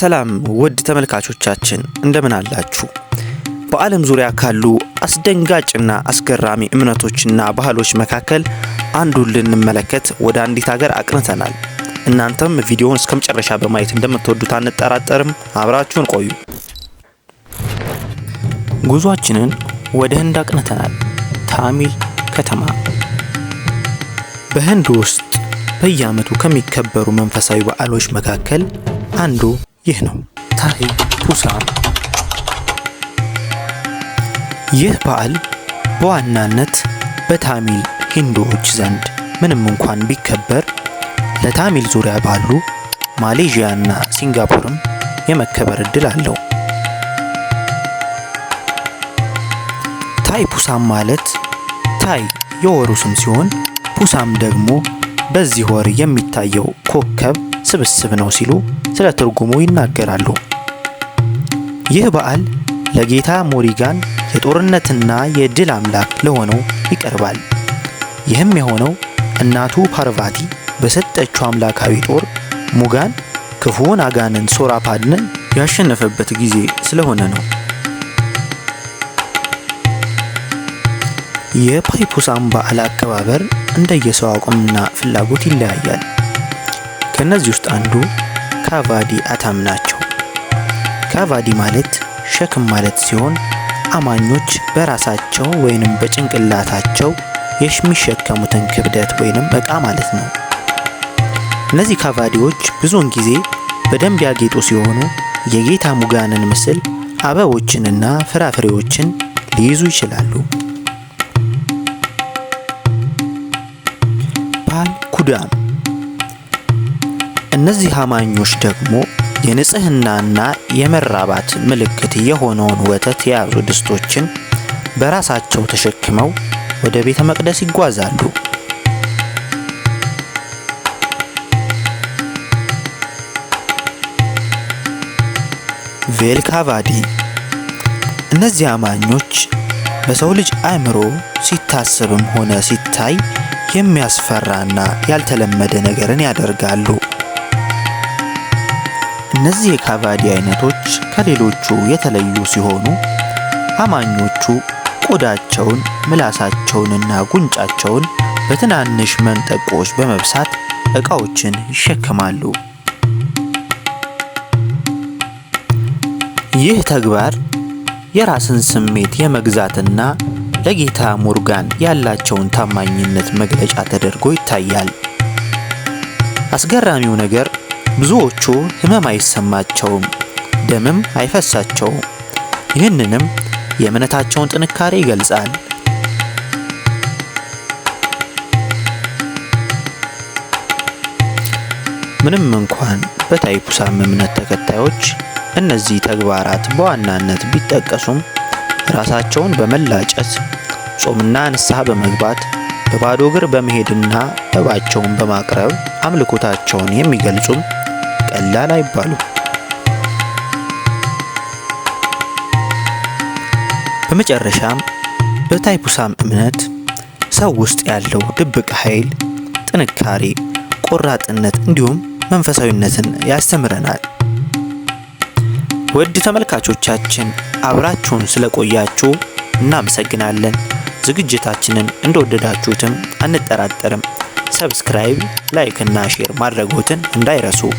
ሰላም ውድ ተመልካቾቻችን እንደምን አላችሁ? በዓለም ዙሪያ ካሉ አስደንጋጭና አስገራሚ እምነቶችና ባህሎች መካከል አንዱን ልንመለከት ወደ አንዲት ሀገር አቅንተናል። እናንተም ቪዲዮውን እስከ መጨረሻ በማየት እንደምትወዱት አንጠራጠርም። አብራችሁን ቆዩ። ጉዟችንን ወደ ህንድ አቅንተናል። ታሚል ከተማ በህንድ ውስጥ በየዓመቱ ከሚከበሩ መንፈሳዊ በዓሎች መካከል አንዱ ይህ ነው። ታሂ ፑሳም ይህ በዓል በዋናነት በታሚል ሂንዱዎች ዘንድ ምንም እንኳን ቢከበር ለታሚል ዙሪያ ባሉ ማሌዥያ እና ሲንጋፖርም የመከበር እድል አለው። ታይ ፑሳም ማለት ታይ የወሩ ስም ሲሆን ፑሳም ደግሞ በዚህ ወር የሚታየው ኮከብ ስብስብ ነው ሲሉ ስለ ትርጉሙ ይናገራሉ። ይህ በዓል ለጌታ ሞሪጋን የጦርነትና የድል አምላክ ለሆነው ይቀርባል። ይህም የሆነው እናቱ ፓርቫቲ በሰጠችው አምላካዊ ጦር ሙጋን ክፉውን አጋንን ሶራፓድንን ያሸነፈበት ጊዜ ስለሆነ ነው። የፓይፑሳም በዓል አከባበር እንደየሰው አቁምና ፍላጎት ይለያያል። ከእነዚህ ውስጥ አንዱ ካቫዲ አታም ናቸው። ካቫዲ ማለት ሸክም ማለት ሲሆን አማኞች በራሳቸው ወይንም በጭንቅላታቸው የሚሸከሙትን ክብደት ወይንም እቃ ማለት ነው። እነዚህ ካቫዲዎች ብዙውን ጊዜ በደንብ ያጌጡ ሲሆኑ የጌታ ሙጋንን ምስል አበቦችንና ፍራፍሬዎችን ሊይዙ ይችላሉ። ፓል ኩዳም እነዚህ አማኞች ደግሞ የንጽህናና የመራባት ምልክት የሆነውን ወተት የያዙ ድስቶችን በራሳቸው ተሸክመው ወደ ቤተ መቅደስ ይጓዛሉ። ቬልካቫዲ እነዚህ አማኞች በሰው ልጅ አእምሮ ሲታሰብም ሆነ ሲታይ የሚያስፈራና ያልተለመደ ነገርን ያደርጋሉ። እነዚህ የካቫዲ አይነቶች ከሌሎቹ የተለዩ ሲሆኑ አማኞቹ ቆዳቸውን፣ ምላሳቸውንና ጉንጫቸውን በትናንሽ መንጠቆዎች በመብሳት እቃዎችን ይሸከማሉ። ይህ ተግባር የራስን ስሜት የመግዛትና ለጌታ ሙርጋን ያላቸውን ታማኝነት መግለጫ ተደርጎ ይታያል። አስገራሚው ነገር ብዙዎቹ ህመም አይሰማቸውም፣ ደምም አይፈሳቸውም። ይህንንም የእምነታቸውን ጥንካሬ ይገልጻል። ምንም እንኳን በታይፑሳም እምነት ተከታዮች እነዚህ ተግባራት በዋናነት ቢጠቀሱም ራሳቸውን በመላጨት ጾምና ንስሐ በመግባት በባዶ እግር በመሄድና እባቸውን በማቅረብ አምልኮታቸውን የሚገልጹም ቀላል አይባሉም። በመጨረሻም በታይፑሳም እምነት ሰው ውስጥ ያለው ድብቅ ኃይል ጥንካሬ፣ ቆራጥነት እንዲሁም መንፈሳዊነትን ያስተምረናል። ውድ ተመልካቾቻችን አብራችሁን ስለቆያችሁ እናመሰግናለን። ዝግጅታችንን እንደወደዳችሁትም አንጠራጠርም። ሰብስክራይብ፣ ላይክ እና ሼር ማድረጎትን እንዳይረሱ።